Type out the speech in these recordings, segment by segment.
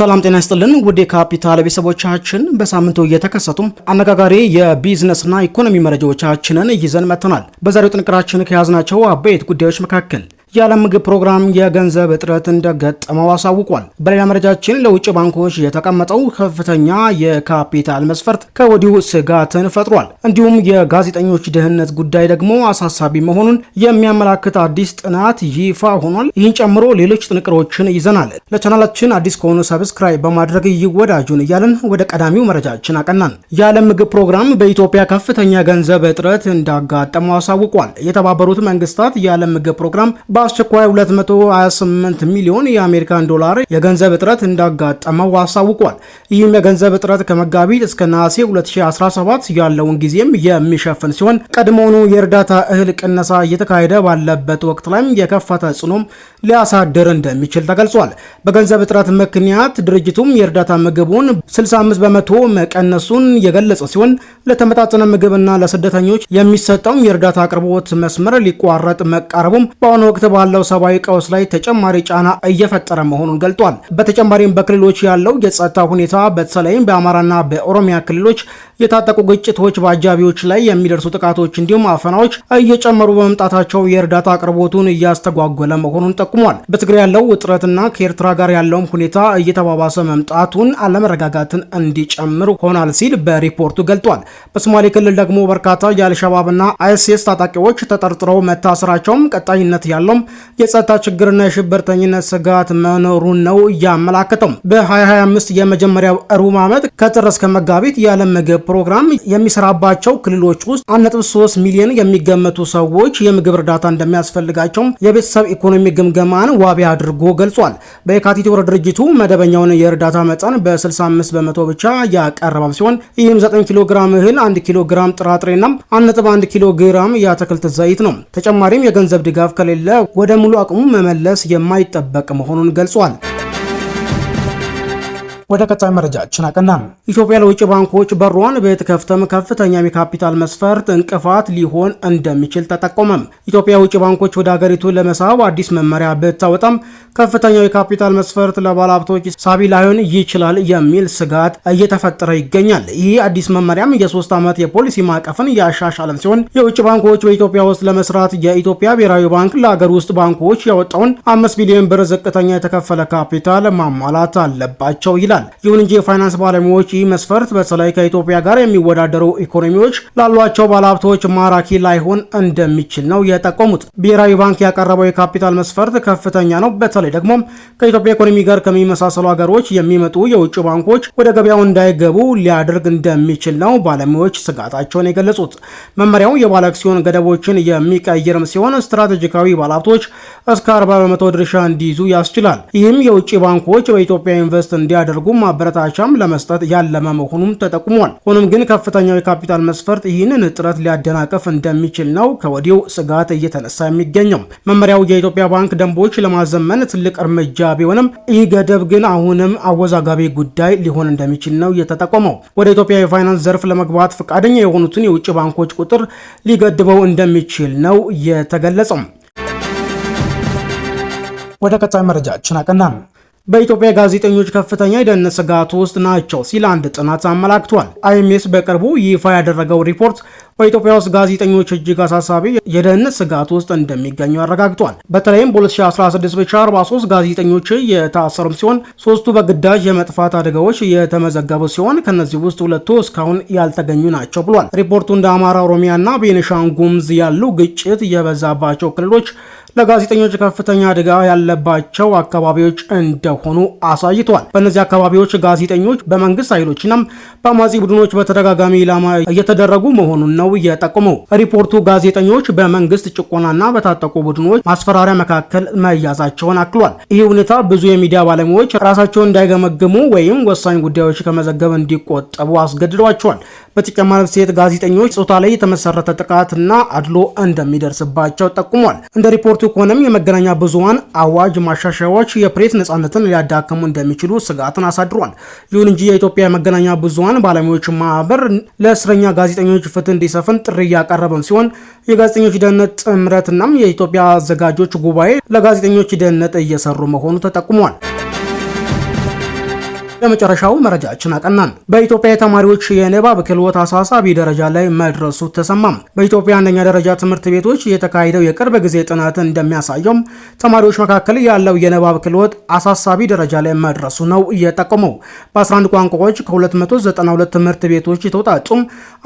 ሰላም ጤና ይስጥልን ውድ የካፒታል ቤተሰቦቻችን፣ በሳምንቱ እየተከሰቱም አነጋጋሪ የቢዝነስና ኢኮኖሚ መረጃዎቻችንን ይዘን መጥተናል። በዛሬው ጥንቅራችን ከያዝናቸው አበይት ጉዳዮች መካከል የዓለም ምግብ ፕሮግራም የገንዘብ እጥረት እንደገጠመው አሳውቋል። በሌላ መረጃችን ለውጭ ባንኮች የተቀመጠው ከፍተኛ የካፒታል መስፈርት ከወዲሁ ስጋትን ፈጥሯል። እንዲሁም የጋዜጠኞች ደህንነት ጉዳይ ደግሞ አሳሳቢ መሆኑን የሚያመላክት አዲስ ጥናት ይፋ ሆኗል። ይህን ጨምሮ ሌሎች ጥንቅሮችን ይዘናል። ለቻናላችን አዲስ ከሆኑ ሰብስክራይብ በማድረግ ይወዳጁን እያልን ወደ ቀዳሚው መረጃችን አቀናን። የዓለም ምግብ ፕሮግራም በኢትዮጵያ ከፍተኛ ገንዘብ እጥረት እንዳጋጠመው አሳውቋል። የተባበሩት መንግስታት የዓለም ምግብ ፕሮግራም በአስቸኳይ 228 ሚሊዮን የአሜሪካን ዶላር የገንዘብ እጥረት እንዳጋጠመው አሳውቋል። ይህም የገንዘብ እጥረት ከመጋቢት እስከ ነሐሴ 2017 ያለውን ጊዜም የሚሸፍን ሲሆን ቀድሞውኑ የእርዳታ እህል ቅነሳ እየተካሄደ ባለበት ወቅት ላይም የከፈተ ጽኖም ሊያሳድር እንደሚችል ተገልጿል። በገንዘብ እጥረት ምክንያት ድርጅቱም የእርዳታ ምግቡን 65 በመቶ መቀነሱን የገለጸ ሲሆን ለተመጣጠነ ምግብና ለስደተኞች የሚሰጠውም የእርዳታ አቅርቦት መስመር ሊቋረጥ መቃረቡም በአሁኑ ወቅት ባለው ሰብአዊ ቀውስ ላይ ተጨማሪ ጫና እየፈጠረ መሆኑን ገልጧል። በተጨማሪም በክልሎች ያለው የጸጥታ ሁኔታ በተለይም በአማራና በኦሮሚያ ክልሎች የታጠቁ ግጭቶች በአጃቢዎች ላይ የሚደርሱ ጥቃቶች እንዲሁም አፈናዎች እየጨመሩ በመምጣታቸው የእርዳታ አቅርቦቱን እያስተጓጎለ መሆኑን ጠቁሟል። በትግራይ ያለው ውጥረትና ከኤርትራ ጋር ያለውም ሁኔታ እየተባባሰ መምጣቱን አለመረጋጋትን እንዲጨምር ሆኗል ሲል በሪፖርቱ ገልጧል። በሶማሌ ክልል ደግሞ በርካታ የአልሸባብና አይሲስ ታጣቂዎች ተጠርጥረው መታሰራቸውም ቀጣይነት ያለውም የጸጥታ ችግርና የሽብርተኝነት ስጋት መኖሩን ነው እያመላከተው። በ2025 የመጀመሪያው ሩብ ዓመት ከጥር እስከ መጋቢት የዓለም ምግብ ፕሮግራም የሚሰራባቸው ክልሎች ውስጥ 1.3 ሚሊዮን የሚገመቱ ሰዎች የምግብ እርዳታ እንደሚያስፈልጋቸውም የቤተሰብ ኢኮኖሚ ግምገ ገማን ዋቢ አድርጎ ገልጿል። በየካቲት ወር ድርጅቱ መደበኛውን የእርዳታ መጠን በ65 በመቶ ብቻ ያቀረበም ሲሆን ይህም 9 ኪሎ ግራም እህል፣ 1 ኪሎ ግራም ጥራጥሬና 1.1 ኪሎ ግራም የአትክልት ዘይት ነው። ተጨማሪም የገንዘብ ድጋፍ ከሌለ ወደ ሙሉ አቅሙ መመለስ የማይጠበቅ መሆኑን ገልጿል። ወደ ቀጣይ መረጃችን አቀናን። ኢትዮጵያ ለውጭ ባንኮች በሯን ብትከፍትም ከፍተኛም የካፒታል መስፈርት እንቅፋት ሊሆን እንደሚችል ተጠቆመም። ኢትዮጵያ ውጭ ባንኮች ወደ ሀገሪቱ ለመሳብ አዲስ መመሪያ ብታወጣም ከፍተኛው የካፒታል መስፈርት ለባለሀብቶች ሳቢ ላይሆን ይችላል የሚል ስጋት እየተፈጠረ ይገኛል። ይህ አዲስ መመሪያም የሶስት ዓመት የፖሊሲ ማዕቀፍን ያሻሻለም ሲሆን የውጭ ባንኮች በኢትዮጵያ ውስጥ ለመስራት የኢትዮጵያ ብሔራዊ ባንክ ለሀገር ውስጥ ባንኮች ያወጣውን አምስት ቢሊዮን ብር ዝቅተኛ የተከፈለ ካፒታል ማሟላት አለባቸው ይላል። ይላል። ይሁን እንጂ የፋይናንስ ባለሙያዎች ይህ መስፈርት በተለይ ከኢትዮጵያ ጋር የሚወዳደሩ ኢኮኖሚዎች ላሏቸው ባለሀብቶች ማራኪ ላይሆን እንደሚችል ነው የጠቆሙት። ብሔራዊ ባንክ ያቀረበው የካፒታል መስፈርት ከፍተኛ ነው። በተለይ ደግሞ ከኢትዮጵያ ኢኮኖሚ ጋር ከሚመሳሰሉ ሀገሮች የሚመጡ የውጭ ባንኮች ወደ ገበያው እንዳይገቡ ሊያደርግ እንደሚችል ነው ባለሙያዎች ስጋታቸውን የገለጹት። መመሪያው የባለ አክሲዮን ገደቦችን የሚቀይርም ሲሆን ስትራቴጂካዊ ባለሀብቶች እስከ 40 በመቶ ድርሻ እንዲይዙ ያስችላል። ይህም የውጭ ባንኮች በኢትዮጵያ ኢንቨስት እንዲያደርጉ ለሚፈልጉም ማበረታቻም ለመስጠት ያለመ መሆኑም ተጠቁሟል። ሆኖም ግን ከፍተኛው የካፒታል መስፈርት ይህንን ጥረት ሊያደናቀፍ እንደሚችል ነው ከወዲሁ ስጋት እየተነሳ የሚገኘው። መመሪያው የኢትዮጵያ ባንክ ደንቦች ለማዘመን ትልቅ እርምጃ ቢሆንም ይህ ገደብ ግን አሁንም አወዛጋቢ ጉዳይ ሊሆን እንደሚችል ነው የተጠቆመው። ወደ ኢትዮጵያ የፋይናንስ ዘርፍ ለመግባት ፈቃደኛ የሆኑትን የውጭ ባንኮች ቁጥር ሊገድበው እንደሚችል ነው የተገለጸው። ወደ ቀጣይ መረጃችን አቀናን። በኢትዮጵያ ጋዜጠኞች ከፍተኛ የደህንነት ስጋት ውስጥ ናቸው ሲል አንድ ጥናት አመላክቷል። አይኤምኤስ በቅርቡ ይፋ ያደረገው ሪፖርት በኢትዮጵያ ውስጥ ጋዜጠኞች እጅግ አሳሳቢ የደህንነት ስጋት ውስጥ እንደሚገኙ አረጋግጧል። በተለይም በ2016 ብቻ 43 ጋዜጠኞች የታሰሩም ሲሆን ሶስቱ በግዳጅ የመጥፋት አደጋዎች የተመዘገቡ ሲሆን ከነዚህ ውስጥ ሁለቱ እስካሁን ያልተገኙ ናቸው ብሏል። ሪፖርቱ እንደ አማራ፣ ኦሮሚያ እና ጉምዝ ያሉ ግጭት የበዛባቸው ክልሎች ለጋዜጠኞች ከፍተኛ አደጋ ያለባቸው አካባቢዎች እንደሆኑ አሳይቷል። በእነዚህ አካባቢዎች ጋዜጠኞች በመንግስት ኃይሎችና በአማጺ ቡድኖች በተደጋጋሚ ኢላማ እየተደረጉ መሆኑን ነው የጠቁመው ሪፖርቱ። ጋዜጠኞች በመንግስት ጭቆናና በታጠቁ ቡድኖች ማስፈራሪያ መካከል መያዛቸውን አክሏል። ይህ ሁኔታ ብዙ የሚዲያ ባለሙያዎች ራሳቸውን እንዳይገመግሙ ወይም ወሳኝ ጉዳዮች ከመዘገብ እንዲቆጠቡ አስገድዷቸዋል። በተጨማሪ ሴት ጋዜጠኞች ጾታ ላይ የተመሰረተ ጥቃትና አድሎ እንደሚደርስባቸው ጠቁሟል። እንደ ሪፖርቱ ይልቁንም የመገናኛ ብዙሃን አዋጅ ማሻሻያዎች የፕሬስ ነጻነትን ሊያዳክሙ እንደሚችሉ ስጋትን አሳድሯል። ይሁን እንጂ የኢትዮጵያ የመገናኛ ብዙሃን ባለሙያዎች ማህበር ለእስረኛ ጋዜጠኞች ፍትህ እንዲሰፍን ጥሪ እያቀረበም ሲሆን የጋዜጠኞች ደህንነት ጥምረትናም የኢትዮጵያ አዘጋጆች ጉባኤ ለጋዜጠኞች ደህንነት እየሰሩ መሆኑ ተጠቁሟል። የመጨረሻው መረጃችን አቀናን። በኢትዮጵያ የተማሪዎች የንባብ ክህሎት አሳሳቢ ደረጃ ላይ መድረሱ ተሰማም። በኢትዮጵያ አንደኛ ደረጃ ትምህርት ቤቶች የተካሄደው የቅርብ ጊዜ ጥናት እንደሚያሳየው ተማሪዎች መካከል ያለው የንባብ ክህሎት አሳሳቢ ደረጃ ላይ መድረሱ ነው እየጠቆመው። በ11 ቋንቋዎች ከ292 ትምህርት ቤቶች የተውጣጡም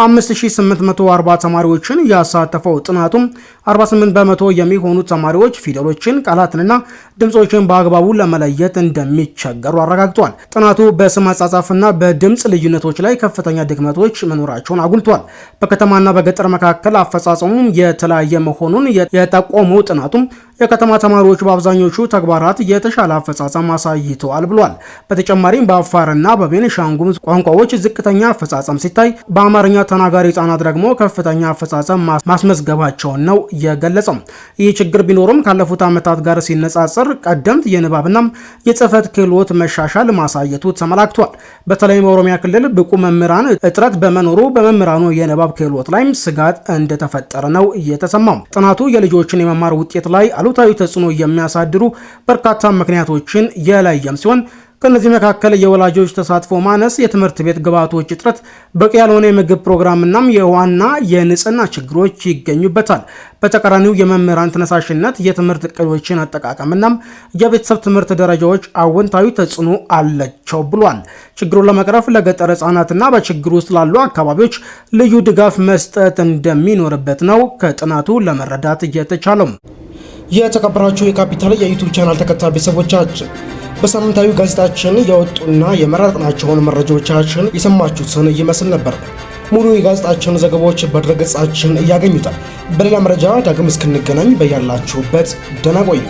5840 ተማሪዎችን ያሳተፈው ጥናቱም 48 በመቶ የሚሆኑ ተማሪዎች ፊደሎችን፣ ቃላትንና ድምፆችን በአግባቡ ለመለየት እንደሚቸገሩ አረጋግጧል። ጥናቱ በስም አጻጻፍና በድምፅ ልዩነቶች ላይ ከፍተኛ ድክመቶች መኖራቸውን አጉልቷል። በከተማና በገጠር መካከል አፈጻጸሙም የተለያየ መሆኑን የጠቆመው ጥናቱም የከተማ ተማሪዎች በአብዛኞቹ ተግባራት የተሻለ አፈጻጸም አሳይተዋል ብሏል። በተጨማሪም በአፋርና በቤኒሻንጉል ቋንቋዎች ዝቅተኛ አፈጻጸም ሲታይ፣ በአማርኛ ተናጋሪ ህጻናት ደግሞ ከፍተኛ አፈጻጸም ማስመዝገባቸውን ነው የገለጸው። ይህ ችግር ቢኖርም ካለፉት ዓመታት ጋር ሲነጻጸር ቀደምት የንባብና የጽህፈት ክህሎት መሻሻል ማሳየቱ ተመላክቷል። በተለይም በኦሮሚያ ክልል ብቁ መምህራን እጥረት በመኖሩ በመምህራኑ የንባብ ክህሎት ላይም ስጋት እንደተፈጠረ ነው የተሰማው። ጥናቱ የልጆችን የመማር ውጤት ላይ አሉታዊ ተጽዕኖ የሚያሳድሩ በርካታ ምክንያቶችን የለየም ሲሆን ከእነዚህ መካከል የወላጆች ተሳትፎ ማነስ፣ የትምህርት ቤት ግብዓቶች እጥረት፣ በቂ ያልሆነ የምግብ ፕሮግራምናም የውሃና የንጽህና ችግሮች ይገኙበታል። በተቃራኒው የመምህራን ተነሳሽነት፣ የትምህርት እቅዶችን አጠቃቀምናም የቤተሰብ ትምህርት ደረጃዎች አወንታዊ ተጽዕኖ አለቸው ብሏል። ችግሩን ለመቅረፍ ለገጠር ህጻናትና በችግር ውስጥ ላሉ አካባቢዎች ልዩ ድጋፍ መስጠት እንደሚኖርበት ነው ከጥናቱ ለመረዳት እየተቻለው። የተከበራችሁ የካፒታል የዩቱብ ቻናል ተከታታይ ቤተሰቦቻችን በሳምንታዊ ጋዜጣችን የወጡና የመረጥናቸውን መረጃዎቻችን የሰማችሁትን ይመስል ነበር። ሙሉ የጋዜጣችን ዘገባዎች በድረገጻችን ያገኙታል። በሌላ መረጃ ዳግም እስክንገናኝ በያላችሁበት ደህና ቆዩ።